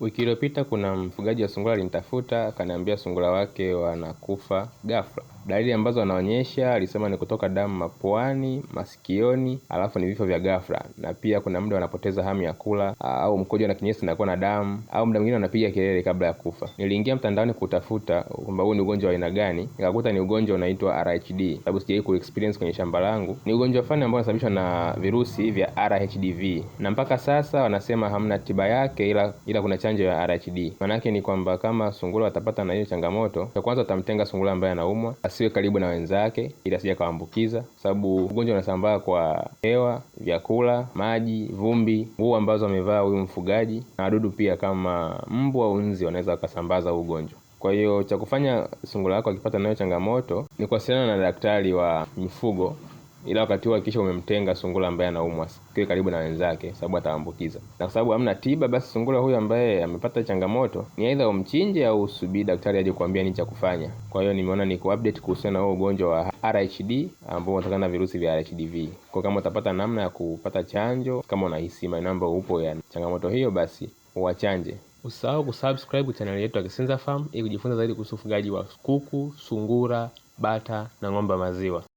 Wiki iliyopita kuna mfugaji wa sungura alinitafuta, akaniambia sungura wake wanakufa ghafla. Dalili ambazo anaonyesha alisema ni kutoka damu mapuani, masikioni, alafu ni vifo vya ghafla, na pia kuna muda wanapoteza hamu ya kula au mkojo na kinyesi inakuwa na damu au muda mwingine wanapiga kelele kabla ya kufa. Niliingia mtandaoni kutafuta kwamba huu ni ugonjwa wa aina gani, nikakuta ni ugonjwa unaitwa RHD, sababu sijawahi experience kwenye shamba langu. Ni ugonjwa fulani ambao unasababishwa na virusi vya RHDV, na mpaka sasa wanasema hamna tiba yake, ila ila kuna chanjo ya RHD. Maanake ni kwamba kama sungura watapata na hiyo changamoto, cha kwanza watamtenga sungura ambaye anaumwa asiwe karibu na wenzake ili asije akawaambukiza, kwa sababu ugonjwa unasambaa kwa hewa, vyakula, maji, vumbi, nguo ambazo amevaa huyu mfugaji, na wadudu pia kama mbu au nzi wanaweza wakasambaza huu ugonjwa. Kwa hiyo cha kufanya sungura yako akipata nayo changamoto ni kuwasiliana na daktari wa mifugo ila wakati huo hakikisha umemtenga sungura ambaye anaumwa, kile karibu na wenzake, sababu ataambukiza. Na kwa sababu hamna tiba, basi sungura huyo ambaye amepata changamoto ni aidha umchinje au usubiri daktari aje kuambia nini cha kufanya. Kwa hiyo nimeona ni kuupdate kuhusiana na huo ugonjwa wa RHD ambao unatokana na virusi vya RHDV. Kwa kama utapata namna ya kupata chanjo, kama unahisi maeneo ambayo upo ya changamoto hiyo, basi uwachanje. Usisahau kusubscribe channel yetu ya Kisenza Farm ili kujifunza zaidi kuhusu ufugaji wa kuku, sungura, bata na ng'ombe wa maziwa.